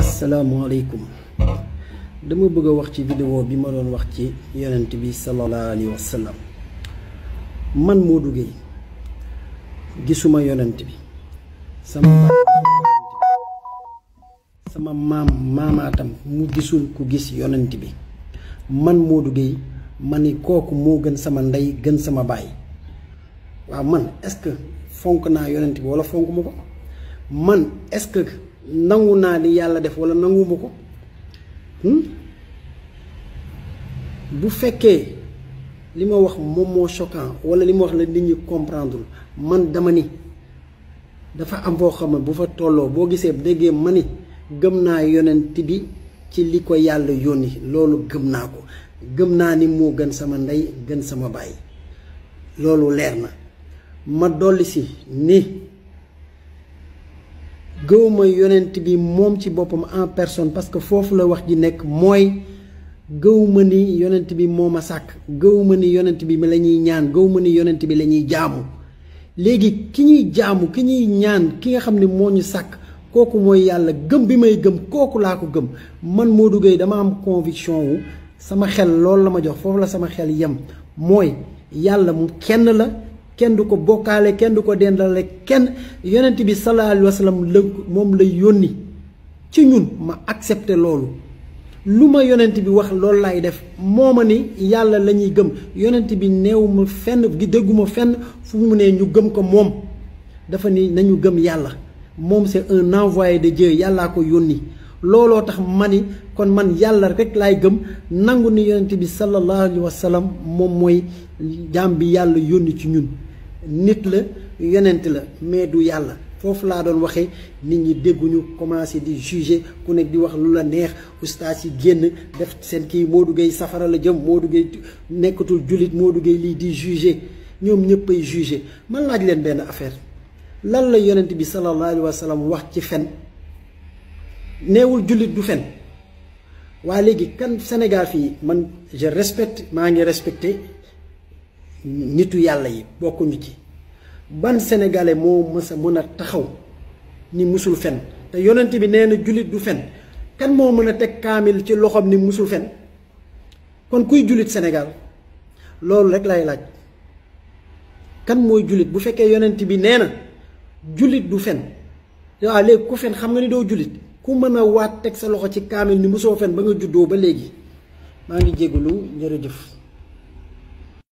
asalaamaaleykum dama bëgg a wax ci vidéo bi ma doon wax ci yonent bi sallallahu alayhi man Modou Gueye gisuma yonent bi sama sama maam maamaatam mu gisul ku gis yonent bi man Modou Gueye ma ni kooku moo gën sama ndey gën sama baay waaw man est fonk naa yonent bi walla fonk ma ko man est-ce nangu naa li yàlla def wala nanguwuma ko hmm? bu fekkee li ma wax moom moo choquant wala li ma wax la nit ñi comprendre man dama ni dafa am boo xam ne bu fa tolloo boo gisee déggee ma ni gëm naa yonent bi ci li ko yàlla yónni loolu gëm naa ko gëm naa ni moo gën sama ndey gën sama baay loolu leer na ma dolli ni gëwma yonent bi moom ci boppam en personne parce que foofu la wax ji nekk mooy gëwma ni yonent bi moom a sàkk gëwma ni yonent bi la ñuy ñaan gëwma ni yonent bi la ñuy jaamu léegi ki ñuy jaamu ki ñuy ñaan ki nga xam ne moo ñu sàkk kooku mooy yàlla gëm bi may gëm kooku laa ko gëm man moo duggee dama am conviction wu sama xel loolu la ma jox foofu la sama xel yem mooy yàlla mu kenn la kenn du ko bokkaale kenn du ko dendale kenn yonent bi sallallahu alayhi wa sallam la moom la yónni ci ñun ma accepté loolu lu ma yonent bi wax loolu laay def moo ma ni yàlla la ñuy gëm yonent bi neew ma fenn gi dégguma fenn fu mu ne ñu gëm ko moom dafa ni nañu gëm yàlla moom c'est un envoyé de Dieu yàllaa ko yónni looloo tax ma ni kon man yàlla rek laay gëm nangu ni yonent bi sallallahu alayhi wa sallam moom mooy jaam bi yàlla yónni ci ñun nit la yonent la mais du yàlla foofu laa doon waxee nit ñi dégguñu commencé di juger ku nekk di wax lu la neex ustaas yi génn def seen kii moo duggee safara la jëm Modou duggee nekkatul jullit moo duggee lii di juger ñoom ñëpp ay juger man laaj leen benn affaire lan la yonent bi sallallahu alayhi wa sallam wax ci fen neewul jullit du fen waa léegi kan Sénégal fii man je respecte maa ngi respecté nitu yàlla yi bokkuñu ci ban sénégalais moo mës a mën a taxaw ni musul fen te yonent bi nee na jullit du fen kan moo mën a teg kaamil ci loxoom ni musul fen kon kuy jullit senegal loolu rek lay laaj kan mooy jullit bu fekkee yonent bi nee na jullit du fen waaw léegi ku fen xam nga ni doo jullit ku mën a waat teg sa loxo ci kaamil ni musoo fen ba nga juddoo ba léegi maa ngi jégalu jërëjëf